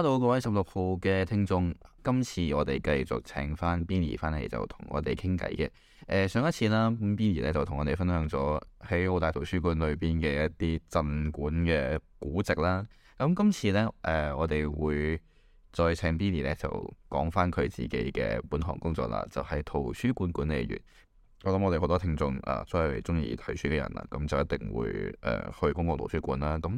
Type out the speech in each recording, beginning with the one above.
歡迎各位十六號嘅聽眾，今次我哋繼續請翻 Billy 翻嚟，就同我哋傾偈嘅。誒，上一次啦，咁 Billy 咧就同我哋分享咗喺澳大圖書館裏邊嘅一啲鎮館嘅古籍啦。咁、嗯、今次咧，誒、呃，我哋會再請 Billy 咧就講翻佢自己嘅本行工作啦，就係、是、圖書館管理員。我諗我哋好多聽眾啊，所有中意睇書嘅人啦，咁就一定會誒、呃、去公共圖書館啦。咁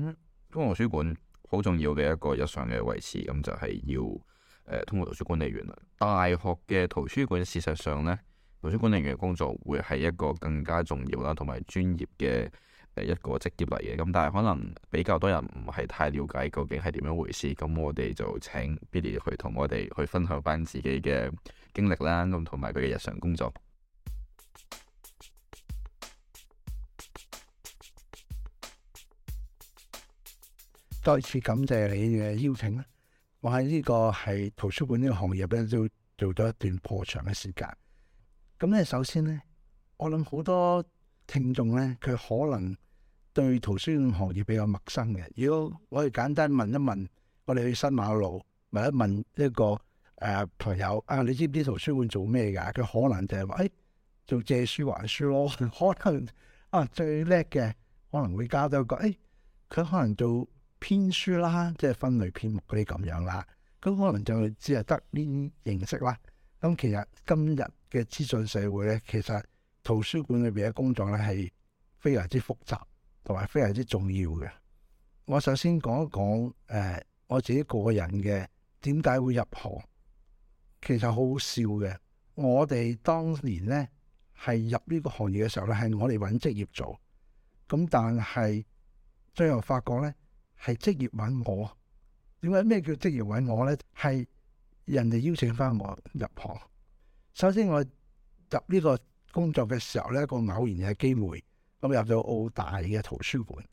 公共圖書館。好重要嘅一個日常嘅維持，咁就係要誒、呃、通過圖書管理員啦。大學嘅圖書館事實上呢，圖書管理員嘅工作會係一個更加重要啦，同埋專業嘅誒一個職業嚟嘅。咁但係可能比較多人唔係太了解究竟係點樣回事。咁我哋就請 Billy 去同我哋去分享返自己嘅經歷啦，咁同埋佢嘅日常工作。再次感謝你嘅邀請啦！我喺呢個係圖書館呢個行業咧，都做咗一段破長嘅時間。咁咧，首先咧，我諗好多聽眾咧，佢可能對圖書館行業比較陌生嘅。如果我哋簡單問一問，我哋去新馬路問一問一個誒、呃、朋友啊，你知唔知圖書館做咩㗎？佢可能就係話誒做借書還書咯。可能啊，最叻嘅可能會加多個誒，佢、哎、可能做。篇書啦，即係分類編目嗰啲咁樣啦，咁可能就只係得呢啲形式啦。咁其實今日嘅資訊社會咧，其實圖書館裏邊嘅工作咧係非常之複雜同埋非常之重要嘅。我首先講一講誒、呃，我自己個人嘅點解會入行，其實好好笑嘅。我哋當年咧係入呢個行業嘅時候咧，係我哋搵職業做，咁但係最後發覺咧。係職業揾我，點解咩叫職業揾我咧？係人哋邀請翻我入行。首先我入呢個工作嘅時候咧，一個偶然嘅機會，咁入到澳大嘅圖書館。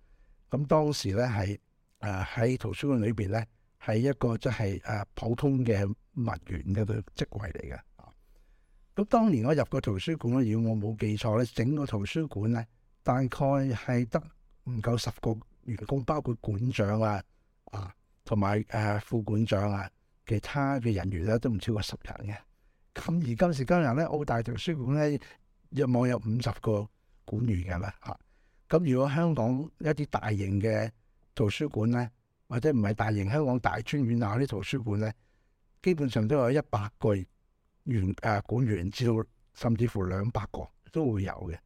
咁當時咧係誒喺圖書館裏邊咧，係一個即係誒普通嘅文員嘅職位嚟嘅。咁當年我入個圖書館，如果我冇記錯咧，整個圖書館咧，大概係得唔夠十個。員工包括館長啊，啊，同埋誒副館長啊，其他嘅人員咧都唔超過十人嘅。咁而今時今日咧，澳大圖書館咧一望有五十個館員嘅啦，嚇、啊。咁如果香港一啲大型嘅圖書館咧，或者唔係大型香港大專院校啲圖書館咧，基本上都有一百個員誒、啊、館員至到甚至乎兩百個都會有嘅。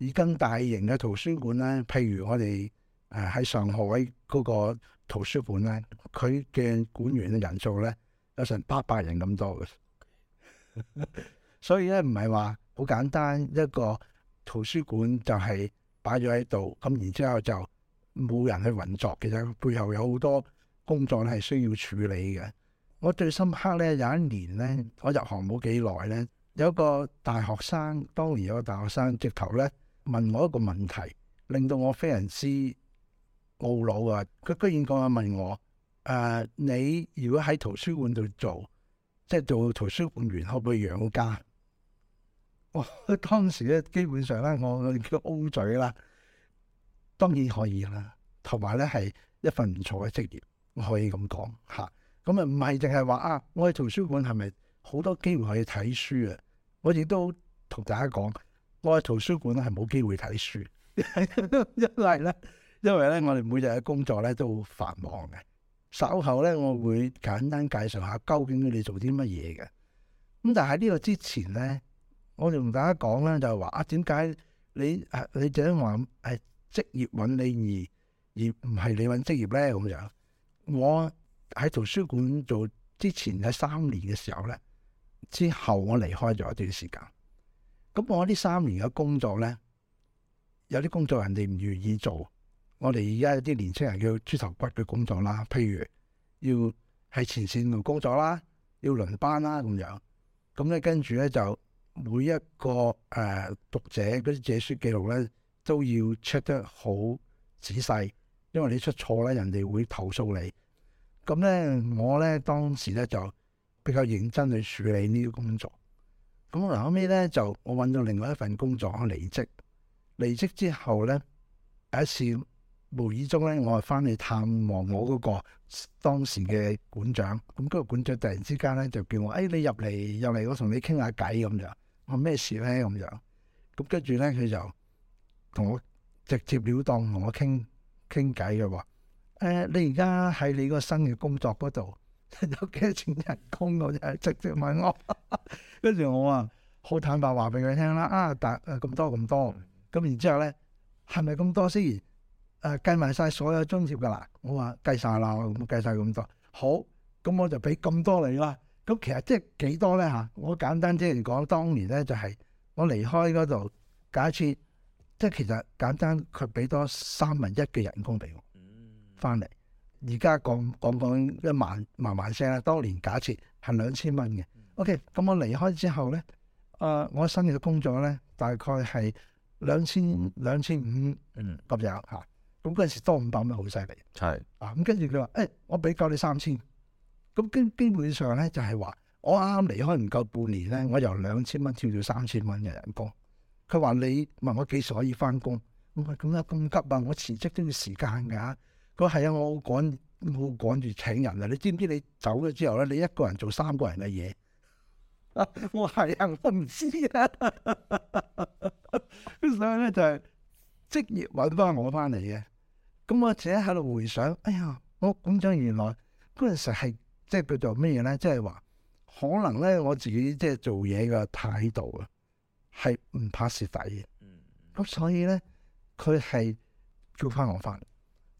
而更大型嘅圖書館咧，譬如我哋。誒喺上海嗰個圖書館咧，佢嘅館員嘅人數咧，有成八百人咁多嘅。 所以咧唔係話好簡單，一個圖書館就係擺咗喺度，咁然之後就冇人去運作。其實背後有好多工作咧係需要處理嘅。我最深刻咧有一年咧，我入行冇幾耐咧，有個大學生，當年有個大學生直頭咧問我一個問題，令到我非常之……懊惱啊！佢居然咁樣問我：誒、啊，你如果喺圖書館度做，即係做圖書館員，可唔可以養家？我、哦、當時咧，基本上咧，我叫佢「O 嘴」啦，當然可以啦。同埋咧，係一份唔錯嘅職業，我可以咁講吓。咁啊，唔係淨係話啊，我喺圖書館係咪好多機會可以睇書啊？我亦都同大家講，我喺圖書館咧係冇機會睇書，因為咧。因為咧，我哋每日嘅工作咧都好繁忙嘅。稍後咧，我會簡單介紹下究竟你做啲乜嘢嘅。咁但喺呢個之前咧，我哋同大家講咧就係話啊，點解你啊你正話係職業揾你而而唔係你揾職業咧？咁樣我喺圖書館做之前喺三年嘅時候咧，之後我離開咗一段時間。咁我呢三年嘅工作咧，有啲工作人哋唔願意做。我哋而家有啲年青人叫豬頭骨嘅工作啦，譬如要喺前線度工作啦，要輪班啦，咁樣咁咧、嗯，跟住咧就每一個誒、呃、讀者嗰啲借書記錄咧都要 check 得好仔細，因為你出錯咧，人哋會投訴你。咁、嗯、咧，我咧當時咧就比較認真去處理呢啲工作。咁、嗯、嗱後尾咧就我揾咗另外一份工作，離職離職之後咧有一次。無意中咧，我係翻去探望我嗰個當時嘅館長，咁嗰個館長突然之間咧就叫我：哎，你入嚟入嚟，我同你傾下偈咁樣。Again, 我咩事咧？咁樣。咁跟住咧，佢就同我直接了當同我傾傾偈嘅。誒，你而家喺你個新嘅工作嗰度有幾多錢人工？咁直接問我。跟住我啊，好坦白話俾佢聽啦。啊，但咁多咁多。咁然之後咧，係咪咁多先？誒計埋晒所有津貼㗎啦，我話計晒啦，我計晒咁多，好，咁我就俾咁多你啦。咁其實即係幾多咧嚇、啊？我簡單即係講，當年咧就係、是、我離開嗰度，假設即係其實簡單，佢俾多三分一嘅人工俾我，翻嚟而家講講講一萬萬萬聲啦。當年假設係兩千蚊嘅，OK，咁我離開之後咧，誒、啊、我新嘅工作咧大概係兩千兩千五咁樣嚇。25，嗯啊咁嗰陣時多五百蚊好犀利，係啊！咁跟住佢話：誒，我俾夠你三千。咁基基本上咧就係話，我啱啱離開唔夠半年咧，我由兩千蚊跳到三千蚊嘅人工。佢話你，問我幾時可以翻工？我話咁啊咁急啊！我辭職都要時間㗎。佢話係啊，欸，我趕我趕住請人啊！你知唔知你走咗之後咧，你一個人做三個人嘅嘢啊？我係啊，我唔知啊，佢 想呢就係職業揾翻我翻嚟嘅。咁我自己喺度回想，哎呀，我講真，原來嗰陣時係即係叫做咩嘢咧？即係話可能咧我自己即係做嘢嘅態度啊，係唔怕蝕底嘅。咁所以咧，佢係叫翻我翻嚟。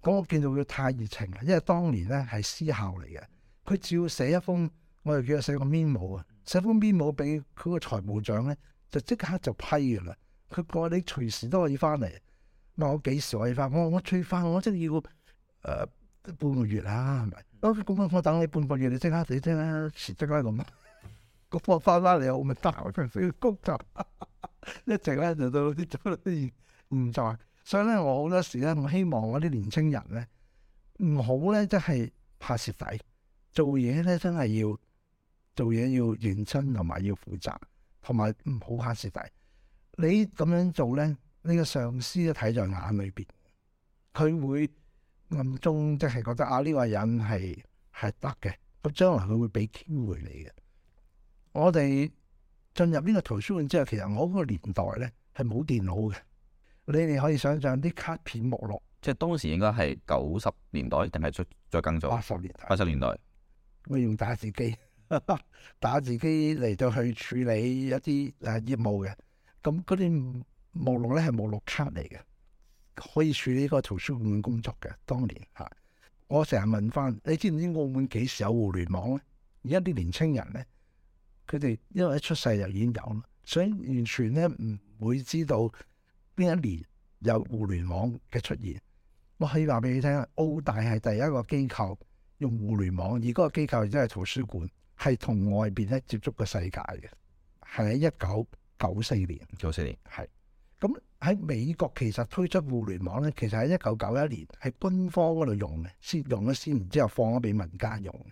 咁我見到佢太熱情啦，因為當年咧係私校嚟嘅，佢只要寫一封，我哋叫佢寫個 memo 啊，寫封 memo 俾佢個財務長咧，就即刻就批㗎啦。佢講你隨時都可以翻嚟。我幾時可以翻？我我最快，我即係要誒、呃、半個月啦、啊，係咪？咁我等你半個月，你立即刻，死。 即刻，遲即刻咁，個貨翻翻嚟我咪得。所以個工頭一直咧就到啲到啲唔在，所以咧我好多時咧，我希望我啲年青人咧唔好咧即係怕蝕底，做嘢咧真係要做嘢要認真同埋要負責，同埋唔好怕蝕底。你咁樣做咧？呢個上司都睇在眼裏邊，佢會暗中即係覺得啊，呢、這個人係係得嘅，咁將來佢會俾機會你嘅。我哋進入呢個圖書館之後，其實我嗰個年代咧係冇電腦嘅，你哋可以想象啲卡片目錄。即係當時應該係九十年代定係再再更早？八十年代。八十年代。我用打字機， 打字機嚟到去處理一啲誒業務嘅，咁嗰啲。目錄咧係目錄卡嚟嘅可以處理呢個圖書館嘅工作嘅。當年吓，我成日問翻你知唔知澳門幾時有互聯網咧？而家啲年青人咧，佢哋因為一出世就已經有啦，所以完全咧唔會知道邊一年有互聯網嘅出現。我可以話俾你聽，澳大係第一個機構用互聯網，而嗰個機構亦都係圖書館，係同外邊咧接觸個世界嘅，係喺一九九四年。九四年係。咁喺美國其實推出互聯網咧，其實喺一九九一年喺軍方嗰度用嘅，先用咗先，然之後放咗俾民間用。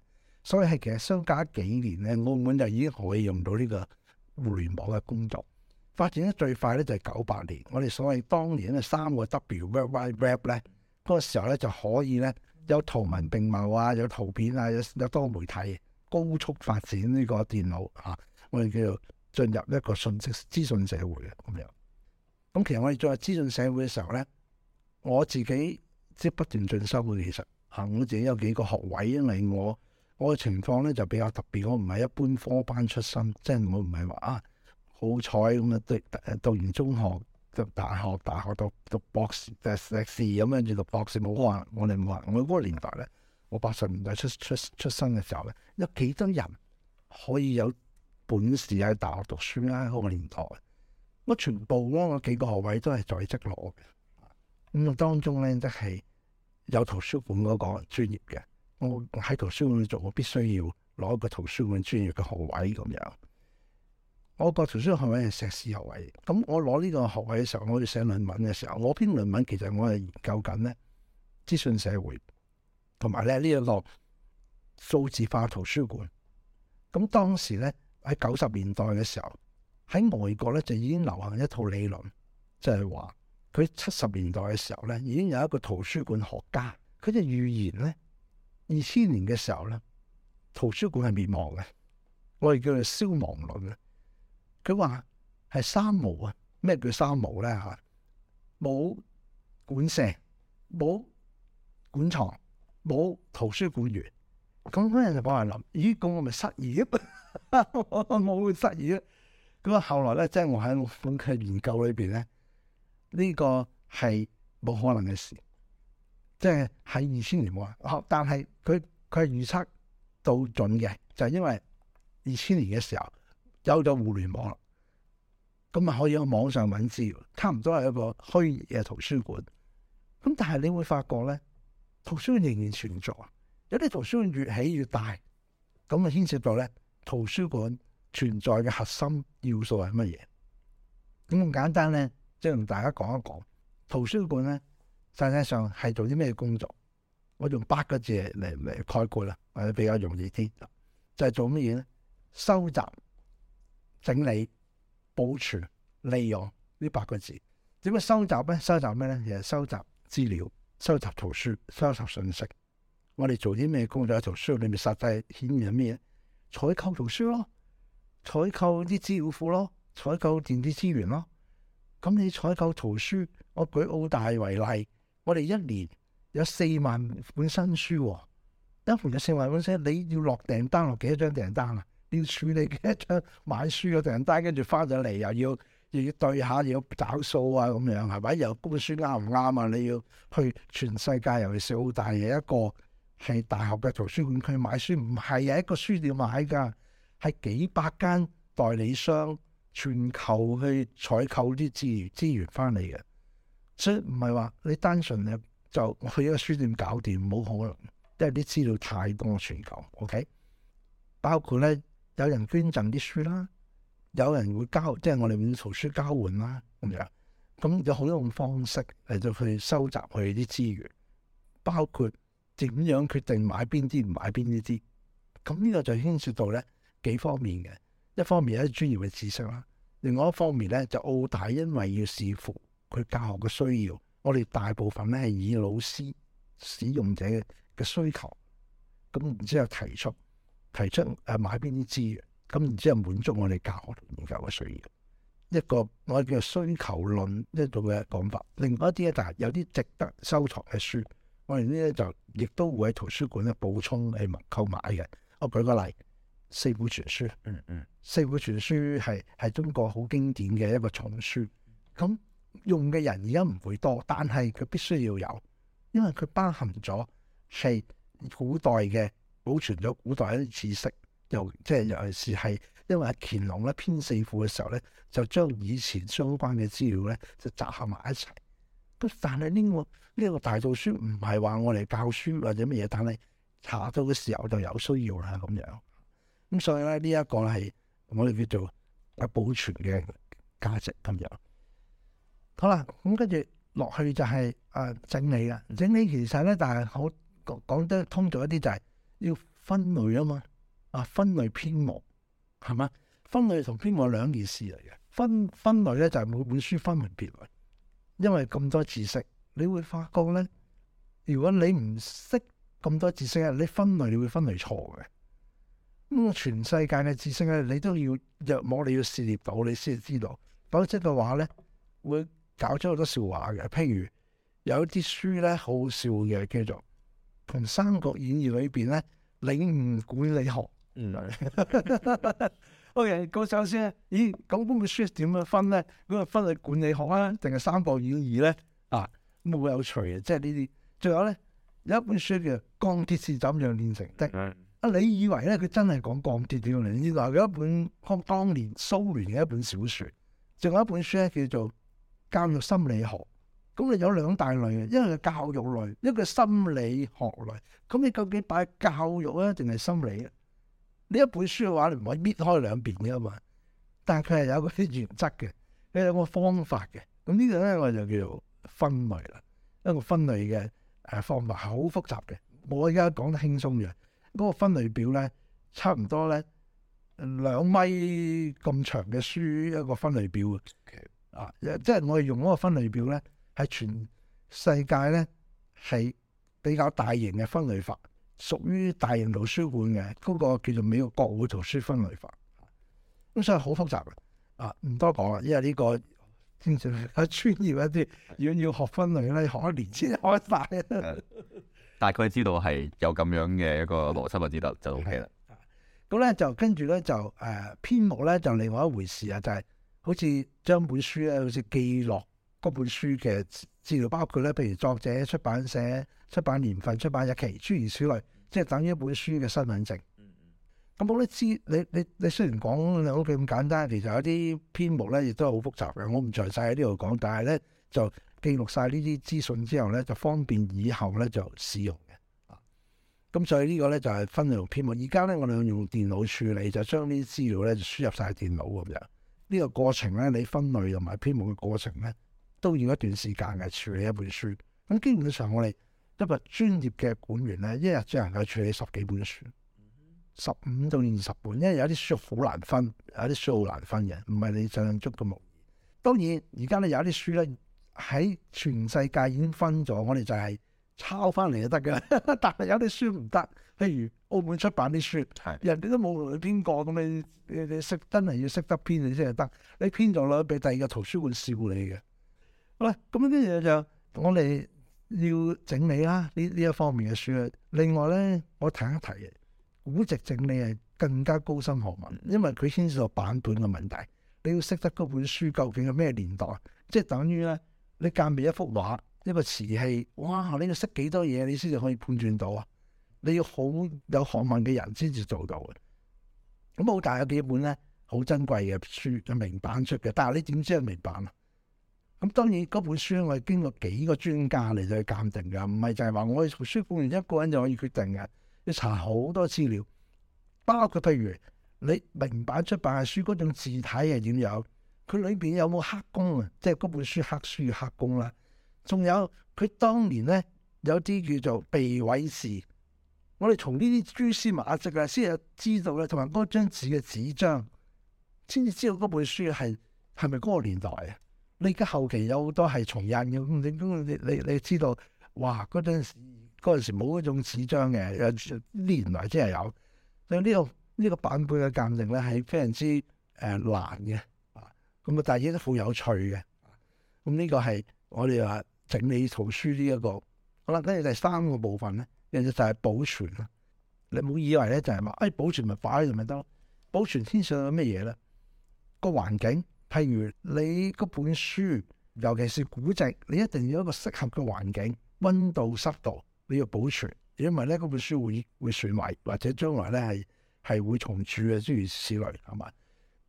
所以係其實相隔幾年咧，澳門就已經可以用到呢個互聯網嘅工作發展得最快咧，就係九八年。我哋所謂當年咧三個 W，World Wide Web 咧，嗰個時候咧就可以咧有圖文並茂啊，有圖片啊，有多媒體，高速發展呢個電腦呀，我哋叫做進入一個信息資訊社會嘅咁樣。咁其實我哋做下資訊社會嘅時候咧，我自己即係不斷進修嘅。其實嚇，我自己有幾個學位，因為我我嘅情況咧就比較特別。我唔係一般科班出身，即係我唔係話啊好彩咁啊讀讀完中學讀大學，大學讀讀博士、碩士咁樣，再讀博士。冇可能。我哋冇話我嗰個年代咧，我八十年代出出出生嘅時候咧，有幾多人可以有本事喺大學讀書咧、啊？嗰、那個年代。我全部咯，我幾個學位都係在職攞嘅。咁、嗯、當中咧即係有圖書館嗰個專業嘅，我喺圖書館做，我必須要攞一個圖書館專業嘅學位咁樣。我個圖書館學位係碩士學位，咁、嗯、我攞呢個學位嘅時候，我要寫論文嘅時候，我篇論文其實我係研究緊咧資訊社會，同埋咧呢一、這個數字化圖書館。咁、嗯、當時咧喺九十年代嘅時候。喺外國咧就已經流行一套理論，就係話佢七十年代嘅時候咧，已經有一個圖書館學家，佢就預言咧，二千年嘅時候咧，圖書館係滅亡嘅，我哋叫做消亡論啊。佢話係三無啊，咩叫三無咧吓？冇館舍，冇館藏，冇圖書館員。咁嗰啲人就過嚟諗，咦？咁我咪失業？ 我會失業？咁啊，後來咧，即係我喺我本科研究裏邊咧，呢、這個係冇可能嘅事，即係喺二千年冇啊！哦，但係佢佢係預測到準嘅，就係、因為二千年嘅時候有咗互聯網，咁啊可以喺網上揾資料，差唔多係一個虛擬嘅圖書館。咁但係你會發覺咧，圖書館仍然存在，有啲圖書館越起越大，咁啊牽涉到咧圖書館存在嘅核心要素係乜嘢？咁咁簡單咧，即係同大家講一講。圖書館咧，實際上係做啲咩工作？我用八個字嚟，嚟概括啦，或者比較容易啲，就係、是、做乜嘢咧？收集、整理、保存、利用呢八個字。點樣收集咧？收集咩咧？其實收集資料、收集圖書、收集信息。我哋做啲咩工作？喺圖書裏面實際顯現咩嘢？採購圖書咯。採購啲資料庫咯，採購電子資源咯。咁你採購圖書，我舉澳大為例，我哋一年有四萬本新書。一份有四萬本書，你要落訂單落幾多張訂單啊？你要處理幾多張買書嘅訂單，跟住翻咗嚟，又要又要對下，又要找數啊咁樣，係咪？又本書啱唔啱啊？你要去全世界，尤其是澳大嘅一個係大學嘅圖書館去買書，唔係有一個書店買噶。係幾百間代理商全球去採購啲資源資源翻嚟嘅，所以唔係話你單純咧就去一個書店搞掂，冇可能，因為啲資料太多全球。OK，包括咧有人捐贈啲書啦，有人會交即係我哋會圖書交換啦咁樣，咁有好多種方式嚟到去收集佢啲資源，包括點樣決定買邊啲唔買邊啲啲，咁呢個就牽涉到咧。幾方面嘅，一方面有啲專業嘅知識啦，另外一方面咧就澳大，因為要視乎佢教學嘅需要，我哋大部分咧係以老師使用者嘅需求，咁然之後提出提出誒買邊啲資源，咁然之後滿足我哋教學同研究嘅需要，一個我哋叫做需求論一度嘅講法。另外一啲咧，就係有啲值得收藏嘅書，我哋咧就亦都會喺圖書館咧補充嚟購買嘅。我舉個例，四庫全書，嗯嗯，四庫全書係係中國好經典嘅一個叢書，咁用嘅人而家唔會多，但係佢必須要有，因為佢包含咗係古代嘅保存咗古代一啲知識，又即係尤其是係因為乾隆咧編四庫嘅時候咧，就將以前相關嘅資料咧就集合埋一齊。咁但係呢、這個呢、這個大套書唔係話我嚟教書或者乜嘢，但係查到嘅時候就有需要啦咁樣。咁所以咧，呢、這、一個係我哋叫做有保存嘅價值咁樣。好啦，咁跟住落去就係、是、誒、呃、整理啊！整理其實咧，但係好講得通俗一啲，就係要分類啊嘛。啊，分類編目係嘛？分類同編目係兩件事嚟嘅。分分類咧就係、是、每本書分門別類，因為咁多知識，你會發覺咧，如果你唔識咁多知識咧，你分類你會分類錯嘅。咁全世界嘅知識咧，你都要若網，你要涉獵到，你先知道。否則嘅話咧，會搞出好多笑話嘅。譬如有啲書咧，好好笑嘅叫做《從三國演義》裏邊咧，領悟管理學。嗯。 O.K. 講首先咧，咦，講本本書係點樣分咧？咁啊，分係管理學啊，定係《三國演義》咧？啊，咁好有，有趣嘅，即係呢啲。最後咧，有一本書叫《鋼鐵是怎樣煉成的》嗯。你以為咧佢真係講鋼鐵點樣嚟？原來佢一本講當年蘇聯嘅一本小說，仲有一本書咧叫做《教育心理學》。咁你有兩大類嘅，一個係教育類，一個心理學類。咁你究竟擺教育啊，定係心理啊？呢一本書嘅話，你唔可以搣開兩邊噶嘛。但係佢係有一個原則嘅，佢有一個方法嘅。咁呢個咧，我就叫做分類啦，一個分類嘅誒方法，好複雜嘅。我而家講得輕鬆嘅。嗰個分類表咧，差唔多咧兩米咁長嘅書一個分類表 Okay. 啊！即係我哋用嗰個分類表咧，係全世界咧係比較大型嘅分類法，屬於大型圖書館嘅，嗰個叫做美國國會圖書分類法。咁、啊、所以好複雜啊！唔多講啦，因為呢、呢個先算係專業一啲。如果要學分類咧，學一年先開曬。 大概知道係有咁樣嘅一個邏輯啊，先得、嗯、就 OK 啦。咁咧、嗯、就跟住咧就誒、呃、篇目咧就另外一回事啊，就係、是、好似將本書咧，好似記錄嗰本書嘅資料，包括咧譬如作者、出版社、出版年份、出版日期諸如此類，即、就、係、是、等於一本書嘅身份證。咁、嗯、我都知你你你雖然講兩句咁簡單，其實有啲篇目咧亦都係好複雜嘅。我唔詳細喺呢度講，但係咧就。記錄晒呢啲資訊之後咧，就方便以後咧就使用嘅。咁、啊、所以個呢個咧就係、是、分類同編目。而家咧我哋用電腦處理，就將呢啲資料咧就輸入晒電腦咁樣。呢、這個過程咧，你分類同埋編目嘅過程咧，都要一段時間嘅處理一本書。咁基本上我哋一個專業嘅館員咧，一日只能夠處理十幾本書，十五到二十本。因為有啲書好難分，有啲書好難分嘅，唔係你想象中咁容易。當然而家咧有啲書咧。喺全世界已經分咗，我哋就係抄翻嚟就得嘅。 但係有啲書唔得，譬如澳門出版啲書，的人哋都冇同你編過，咁你你你識真係要識得編你先係得。你編咗落去俾第二個圖書館笑你嘅。好啦，咁呢啲嘢就我哋要整理啦。呢呢一,一方面嘅書啊，另外咧，我提一提古籍整理係更加高深學問，因為佢牽涉到版本嘅問題，你要識得嗰本書究竟係咩年代，即係等於咧。你鑑別一幅畫、一個瓷器，哇！你要識幾多嘢，你先至可以判斷到啊！你要好有學問嘅人先至做到嘅。咁好大有幾本咧，好珍貴嘅書，明版出嘅。但係你點知係明版啊？咁當然嗰本書我係經過幾個專家嚟去鑑定嘅，唔係就係話我係圖書館員一個人就可以決定嘅。要查好多資料，包括譬如你明版出版嘅書嗰種字體係點樣。佢裏邊有冇黑工啊？即係嗰本書黑書黑工啦、啊。仲有佢當年咧有啲叫做避諱事，我哋從呢啲蛛絲馬迹啊，先至知道咧，同埋嗰張紙嘅紙張，先至知道嗰本書係係咪嗰個年代啊？你而家後期有好多係重印嘅，咁你你你知道，哇！嗰陣時陣時冇嗰種紙張嘅，又年代即係有，所以呢個呢個版本嘅鑒定咧係非常之誒難嘅。咁啊，但係亦都好有趣嘅。咁呢個係我哋話整理圖書呢一個。好啦，跟住第三個部分咧，其實就係保存啦。你唔好以為咧就係話，哎，保存咪擺喺度咪得咯？保存牽涉到咩嘢咧？個環境，譬如你嗰本書，尤其是古籍，你一定要一個適合嘅環境，溫度、濕度，你要保存，因為咧嗰本書會會損壞，或者將來咧係係會蟲蛀嘅，諸如此類，係咪？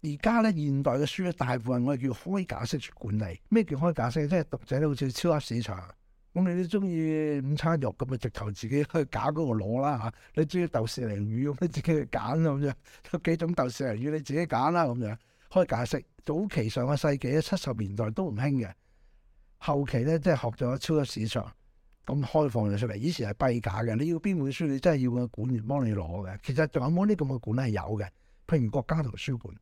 而家咧現代嘅書咧，大部分我哋叫開架式管理。咩叫開架式？即係讀者咧，好似超級市場，咁你都中意午餐肉，咁咪直頭自己去揀嗰個攞啦嚇。你中意豆豉鯪魚咁，你自己去揀咁樣，有幾種豆豉鯪魚你自己揀啦咁樣。開架式早期上個世紀咧，七十年代都唔興嘅，後期咧即係學咗超級市場咁開放咗出嚟。以前係閉架嘅，你要邊本書你真係要個館員幫你攞嘅。其實仲有冇啲咁嘅館？係有嘅，譬如國家圖書館。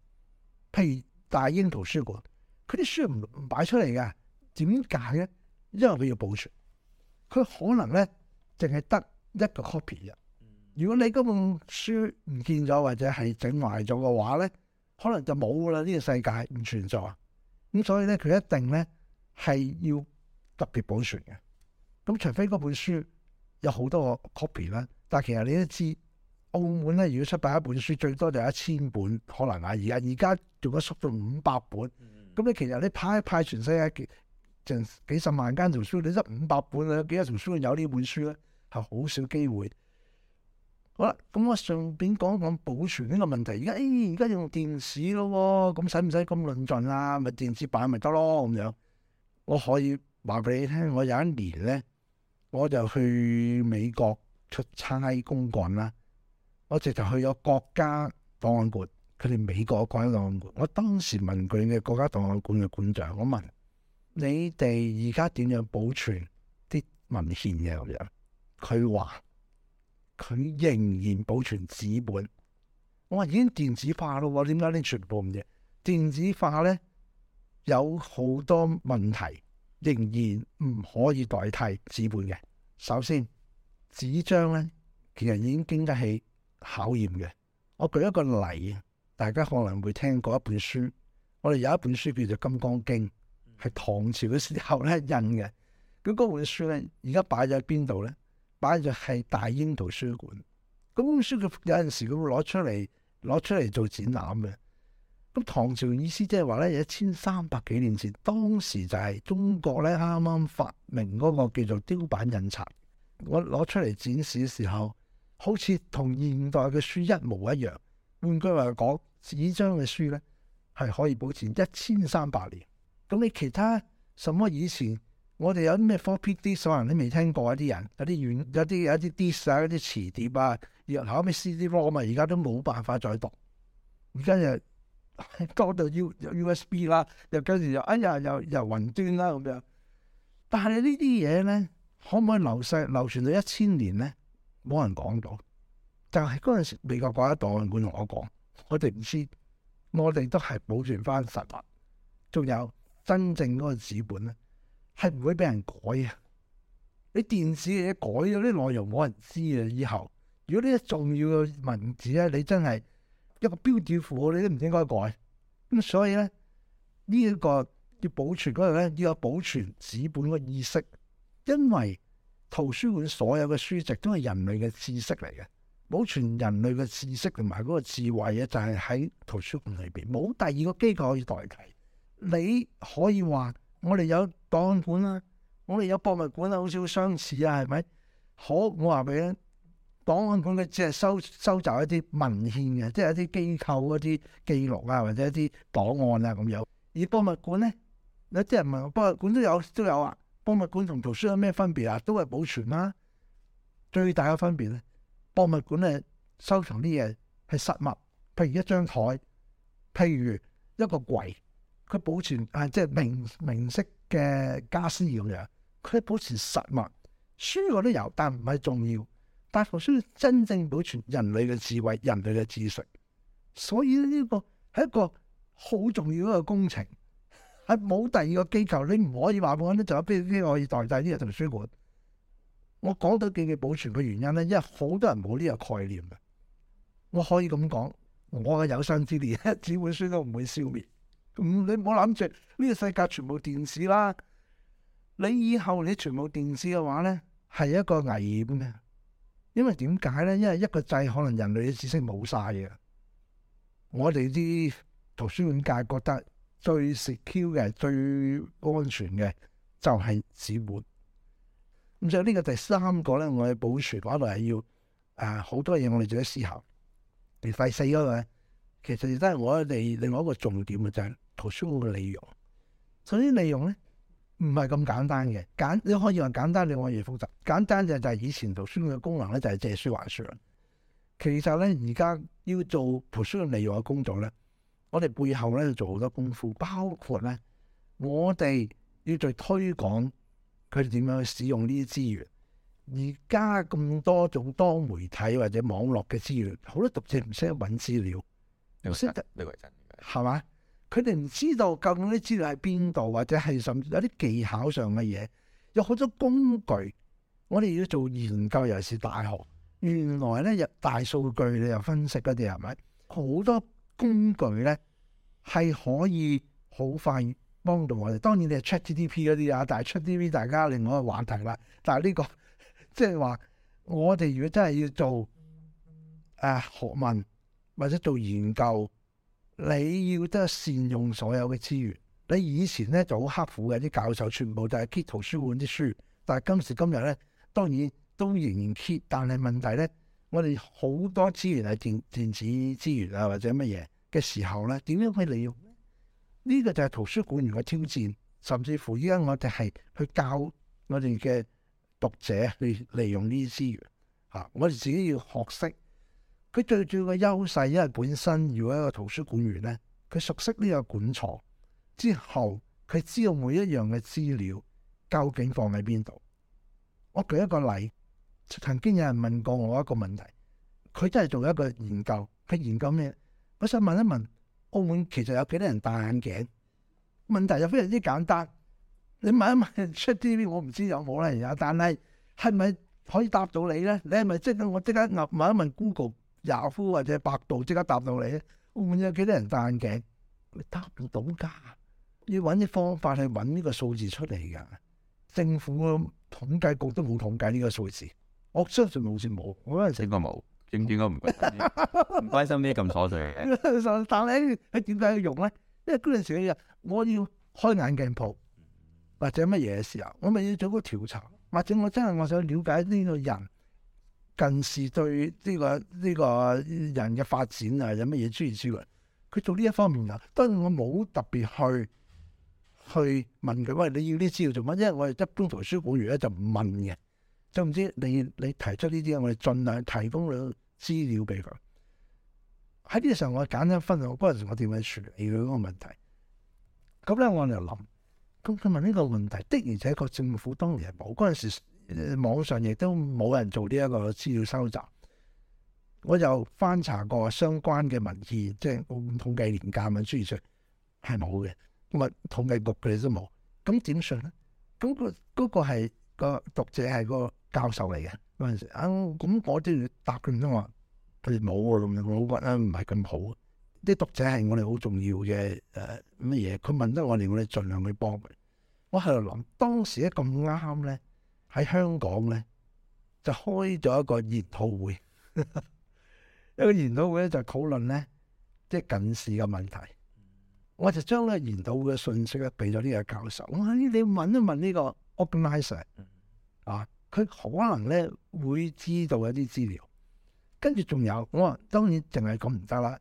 譬如大英圖書館，佢啲書唔唔擺出嚟㗎，點解咧？因為佢要保存，佢可能咧淨係得一個 copy 嘅。如果你嗰本書唔見咗或者係整壞咗嘅話咧，可能就冇啦，呢個世界唔存在。咁所以咧，佢一定咧係要特別保存嘅。咁除非嗰本書有好多個 copy 啦，但係其實你都知。澳門咧，如果出版一本書，最多就一千本可能啊。而家而家做咗縮到五百本，咁你、嗯、其實你派一派全世界幾，成幾十萬間圖書，你得五百本啊，幾多圖書有呢本書咧，係好少機會。好啦，咁、嗯、我順便講講保存呢個問題。而家誒，而、哎、家用電視咯，咁使唔使咁論盡啊？咪、啊啊、電子版咪得咯咁樣。我可以話俾你聽，我有一年咧，我就去美國出差公幹啦。我直頭去咗國家檔案館，佢哋美國嘅國家檔案館。我當時問佢嘅國家檔案館嘅館長，我問：你哋而家點樣保存啲文獻嘅咁樣？佢話：佢仍然保存紙本。我話已經電子化咯，點解你全部唔嘅？電子化咧有好多問題，仍然唔可以代替紙本嘅。首先，紙張咧其實已經經得起考驗嘅，我舉一個例，大家可能會聽過一本書，我哋有一本書叫做《金剛經》，係唐朝嘅時候咧印嘅。佢嗰本書咧，而家擺咗喺邊度咧？擺咗係大英圖書館。咁本書佢有陣時佢會攞出嚟，攞出嚟做展覽嘅。咁唐朝意思即係話咧，有一千三百幾年前，當時就係中國咧啱啱發明嗰個叫做雕版印刷。我攞出嚟展示嘅時候。好似同現代嘅書一模一樣。換句話講，紙張嘅書咧係可以保存一千三百年。咁你其他什麼以前我哋有啲咩 floppy disk 啊，可能你未聽過啲人，有啲軟，有啲有啲 disk 啊，啲磁碟啊，入頭咩 CD-ROM 啊，而家都冇辦法再讀。而家又高 度要 USB 啦，又跟住又哎呀又又雲端啦咁樣。但係呢啲嘢咧，可唔可以流世流傳到一千年咧？冇人講到，就係嗰陣時，美國國家檔案館同我講，我哋唔知，我哋都係保存翻實物，仲有真正嗰個紙本咧，係唔會俾人改啊！你電子嘢改咗啲內容，冇人知啊！以後，如果呢啲重要嘅文字咧，你真係一個標點符號，你都唔應該改。咁所以咧，呢、這、一個要保存嗰、這個咧，要有保存紙本嘅意識，因為，圖書館所有嘅書籍都係人類嘅知識嚟嘅，保存人類嘅知識同埋嗰個智慧啊，就係喺圖書館裏邊，冇第二個機構可以代替。你可以話我哋有檔案館啦，我哋有博物館啊，好少相似啊，係咪？好，我話俾你聽，檔案館嘅只係收收集一啲文獻嘅，即係一啲機構嗰啲記錄啊，或者一啲檔案啊咁有。而博物館咧，有啲人問我，博物館都有都有啊。博物館同圖書有咩分別啊？都係保存啦，最大嘅分別咧，博物館咧收藏，啲嘢係實物，譬如一張台，譬如一個櫃，佢保存誒、啊，即係名名式嘅家私咁樣，佢保持實物。書我都有，但唔係重要。但圖書真正保存人類嘅智慧、人類嘅知識，所以呢、這個係一個好重要嘅工程。喺冇第二個機構，你唔可以話冇咧，就有邊啲可以代替呢個圖書館？我講到記憶保存嘅原因咧，因為好多人冇呢個概念嘅。我可以咁講，我嘅有生之年，紙本書都唔會消滅。唔，你唔好諗住呢個世界全部電視啦。你以後你全部電視嘅話咧，係一個危險嘅，因為點解咧？因為一個掣可能人類嘅知識冇晒嘅。我哋啲圖書館界覺得。最 secure 嘅、最安全嘅就係紙本。咁所以呢個第三個咧，我哋保存嘅話係要啊好、呃、多嘢，我哋就要思考。第第四個咧，其實亦都係我哋另外一個重點嘅就係、是、圖書館嘅利用。首先，利用咧唔係咁簡單嘅，簡你可以話簡單，你可以話複雜。簡單就就係以前圖書館嘅功能咧，就係、是、借書還書。其實咧，而家要做圖書館利用嘅工作咧。我哋背後咧做好多功夫，包括咧，我哋要再推廣佢哋點樣去使用呢啲資源。而家咁多種多媒體或者網絡嘅資源，好多讀者唔識揾資料，唔識 得你慧真？係嘛？佢哋唔知道究竟啲資料喺邊度，或者係甚至有啲技巧上嘅嘢，有好多工具。我哋要做研究，尤其是大學，原來咧入大數據，你又分析嗰啲係咪？好多。工具咧係可以好快幫到我哋，當然你係 ChatGPT 嗰啲啊，但係 ChatGPT 大家另外一個話題啦。但係呢個即係話，我哋如果真係要做誒、啊、學問或者做研究，你要都係善用所有嘅資源。你以前咧就好刻苦嘅啲教授，全部就係 keep 圖書館啲書，但係今時今日咧，當然都仍然 keep。但係問題咧。我哋好多資源係電電子資源啊，或者乜嘢嘅時候咧，點樣去利用呢？呢個就係圖書館員嘅挑戰，甚至乎而家我哋係去教我哋嘅讀者去利用呢啲資源嚇、啊。我哋自己要學識佢最重要嘅優勢，因為本身如果一個圖書館員咧，佢熟悉呢個館藏之後，佢知道每一樣嘅資料究竟放喺邊度。我舉一個例。曾經有人問過我一個問題，佢真係做一個研究，佢研究咩？我想問一問，澳門其實有幾多人戴眼鏡？問題就非常之簡單，你問一問出 TV，我唔知有冇啦，而家，但係係咪可以答到你咧？你係咪即刻我即刻噏問一問 Google、Yahoo 或者百度即刻答到你咧？澳門有幾多人戴眼鏡？你答唔到㗎，要揾啲方法去揾呢個數字出嚟㗎。政府嘅統計局都冇統計呢個數字。我相信好似冇，嗰陣時應該冇，應應該唔關心呢啲咁瑣碎嘅嘢。但係佢點解要用咧？因為嗰陣時我要開眼鏡鋪或者乜嘢嘅時候，我咪要做個調查，或者我真係我想了解呢個人近視對呢個呢個人嘅發展啊，有乜嘢注意之類。佢做呢一方面啊，當然我冇特別去去問佢，喂，你要呢資料做乜？因為我係一般圖書館員咧，就唔問嘅。就唔知你你提出呢啲，我哋盡量提供到資料俾佢。喺呢個時候，我簡單分享，嗰陣時我點樣處理佢嗰個問題。咁咧，我就諗，咁佢問呢個問題，的而且確政府當年係冇，嗰陣時，網上亦都冇人做呢一個資料收集。我就翻查過相關嘅文件，即係統計年鑑咁，追出係冇嘅。咁啊，統計局佢哋都冇。咁點算咧？咁、嗰個嗰、嗰個係個讀者係個。教授嚟嘅嗰陣時，啊咁我都要答佢，唔通話佢冇喎咁樣，我覺得，唔係咁好。啲讀者係我哋好重要嘅，誒乜嘢？佢問得我哋，我哋盡量去幫佢。我喺度諗，當時咧，咁啱咧喺香港咧就開咗一個研討會，一個研討會咧就討論咧即係近視嘅問題。我就將呢個研討嘅信息咧俾咗呢個教授。我話你問一問呢個 organiser 啊。佢可能咧會知道一啲資料，跟住仲有，我話當然淨係咁唔得啦，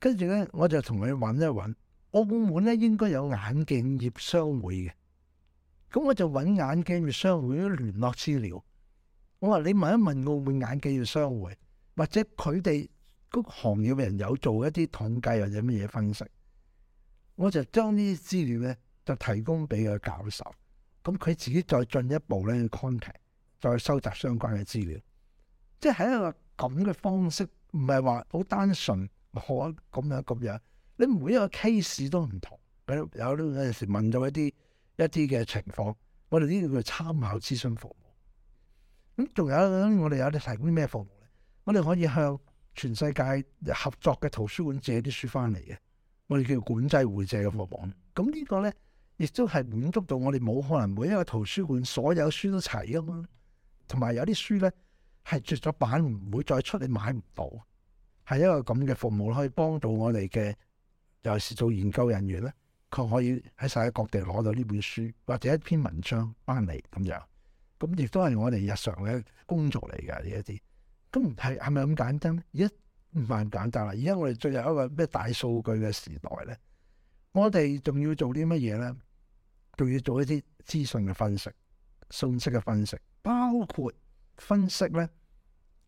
跟住咧我就同佢揾一揾澳門咧應該有眼鏡業商會嘅。咁我就揾眼鏡業商會聯絡資料。我話你問一問澳門眼鏡業商會，或者佢哋個行業嘅人有做一啲統計或者乜嘢分析。我就將呢啲資料咧就提供俾個教授，咁佢自己再進一步咧 contact。去 cont 再收集相關嘅資料，即係喺一個咁嘅方式，唔係話好單純學咁樣咁樣。你每一個 case 都唔同，有有陣時問到一啲一啲嘅情況，我哋呢叫佢參考諮詢服務。咁、嗯、仲有我哋有啲提供啲咩服務咧？我哋可以向全世界合作嘅圖書館借啲書翻嚟嘅，我哋叫館際互借嘅服務。咁、嗯這個、呢個咧，亦都係滿足到我哋冇可能每一個圖書館所有書都齊啊嘛。同埋有啲書咧係絕咗版，唔會再出，你買唔到，係一個咁嘅服務可以幫到我哋嘅，尤其是做研究人員咧，佢可以喺世界各地攞到呢本書或者一篇文章翻嚟咁樣，咁亦都係我哋日常嘅工作嚟㗎。呢一啲咁唔係，係咪咁簡單呢？而家唔係咁簡單啦。而家我哋進入一個咩大數據嘅時代咧，我哋仲要做啲乜嘢咧？仲要做一啲資訊嘅分析、信息嘅分析。包括分析咧，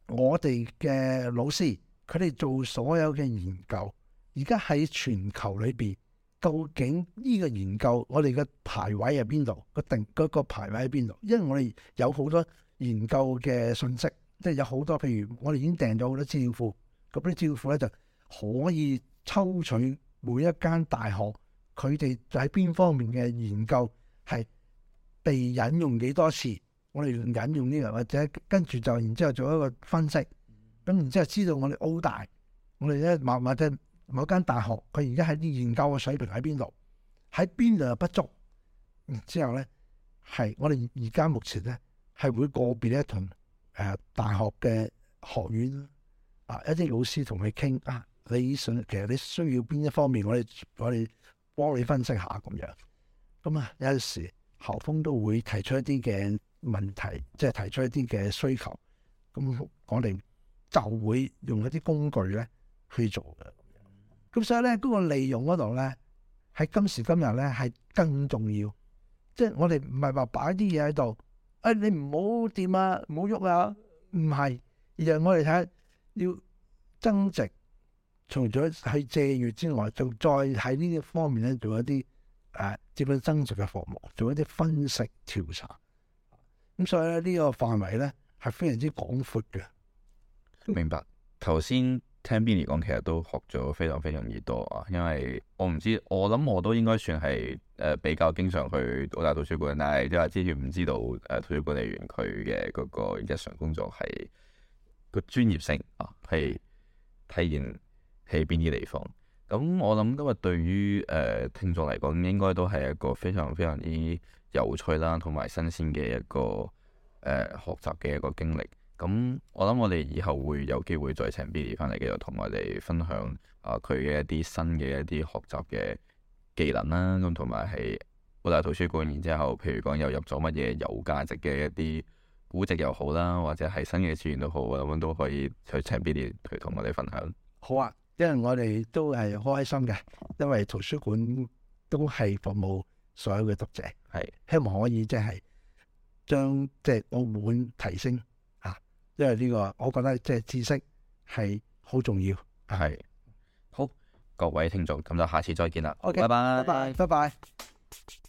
我哋嘅老師，佢哋做所有嘅研究，而家喺全球裏邊，究竟呢個研究我哋嘅排位喺邊度？個定嗰個排位喺邊度？因為我哋有好多研究嘅信息，即係有好多，譬如我哋已經訂咗好多資料庫，咁啲資料庫咧就可以抽取每一間大學，佢哋就喺邊方面嘅研究係被引用幾多次。我哋引用呢樣，或者跟住就然之後做一個分析，咁然之後知道我哋澳大，我哋咧某或者某間大學，佢而家喺啲研究嘅水平喺邊度，喺邊度不足，之後咧係我哋而家目前咧係會個別咧同誒大學嘅學院啊一啲老師同佢傾啊，你想其實你需要邊一方面，我哋我哋幫你分析下咁樣，咁啊有陣時校方都會提出一啲嘅。問題即係提出一啲嘅需求，咁我哋就會用一啲工具咧去做嘅。咁所以咧，嗰個利用嗰度咧，喺今時今日咧係更重要。即係我哋唔係話擺啲嘢喺度，誒、哎、你唔好掂啊，唔好喐啊，唔係。而係我哋睇下，要增值，除咗去借閱之外，仲再喺呢啲方面咧做一啲誒接近增值嘅服務，做一啲、啊、分析調查。咁所以咧，這個、範圍呢個範圍咧係非常之廣闊嘅。明白。頭先聽 Billy 講，其實都學咗非常非常之多啊。因為我唔知，我諗我都應該算係誒、呃、比較經常去澳大圖書館，但係即係之前唔知道誒圖、呃、書館理員佢嘅嗰個日常工作係、那個專業性啊，係體現喺邊啲地方。咁、嗯、我諗今日對於誒、呃、聽眾嚟講，應該都係一個非常非常之～有趣啦，同埋新鮮嘅一個誒、呃、學習嘅一個經歷。咁我諗，我哋以後會有機會再請 Billy 翻嚟繼續同我哋分享啊佢嘅一啲新嘅一啲學習嘅技能啦。咁同埋係澳大圖書館，然之後譬如講又入咗乜嘢有價值嘅一啲古籍又好啦，或者係新嘅資源都好，我諗都可以請 B 去請 Billy 去同我哋分享。好啊，因為我哋都係開心嘅，因為圖書館都係服務所有嘅讀者。係是希望可以即係將即係澳門提升吓，因為呢個我覺得即係知識係好重要。係好，各位聽眾，咁就下次再見啦，okay, 拜拜，拜拜，拜拜。